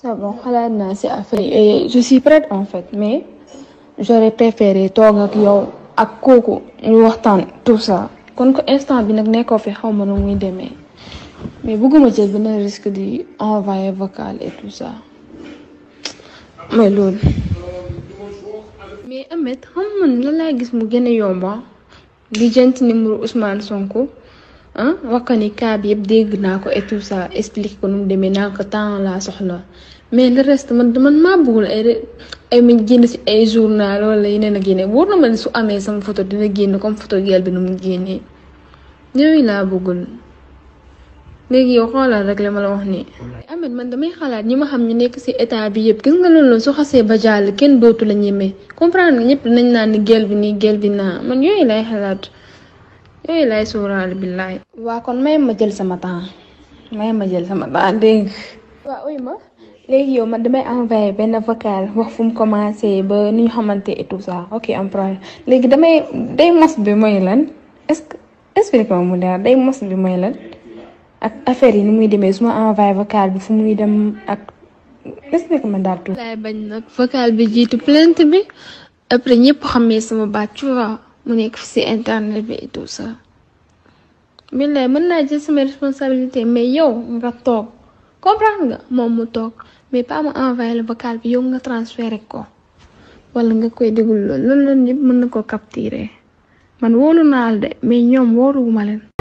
c'est bon xalaat naa si affaire yi je suis prête en fait mais j'aurais préféré toog ak yow ak kooku ñu waxtaan tout sa kon ko instant bi nag nekkoo fi xaw ma nu muy demee mais bëgguma jël benn risque di envoyer vocal et tout ça mais loolu. mais Ameth xam man la gis mu gën a yomba di ni numéro Ousmane Sonko. ah wax ko ni cas bi dégg naa ko et tout ça explique ko nu mu demee ko temps laa soxla mais le reste man man maa ay ay mu génn si ay journal wala yeneen ak yeneen na ma ne su amee sama photo dina génn comme photo gel bi nu mu génnee ñooñu laa léegi yow xoolal rek la ma la wax nii. amet man damay xalaat ñi ma xam ñu nekk si état bi yëpp gis nga loolu su xasee ba jàll kenn dootu a ñemee comprendre nga ñëpp dinañ naan ni gel nii gel naa man yooyu lay xalaat. yooyu eh, lay sóoraale billaay. waa kon may ma jël sama temps may ma jël sama temps dégg waaw uy ma léegi yow man damay envoyé benn vocal wax fu mu commencé ba ni ñu xamante et tout ça ok am problème léegi damay day mos bi mooy lan est-ce que explique ma mu leer day mos bi mooy lan ak affaire yi ni muy demee su ma envoyé vocal bi fu muy dem ak explique ma daal tuuti. laay bañ nag vocal bi jiitu plainte bi après ñëpp xamee sama baat tu vois mu nekk fi si internet bi et tout ça. billaay mën naa jël sama responsabilité mais yow nga toog comprendre nga moom mu toog mais pas mu envoyé le vocal bi yow nga transféré ko wala nga koy déglu loolu loolu yëpp mën na ko capturer man wóolu naa la de mais ñoom wóoruwuma leen.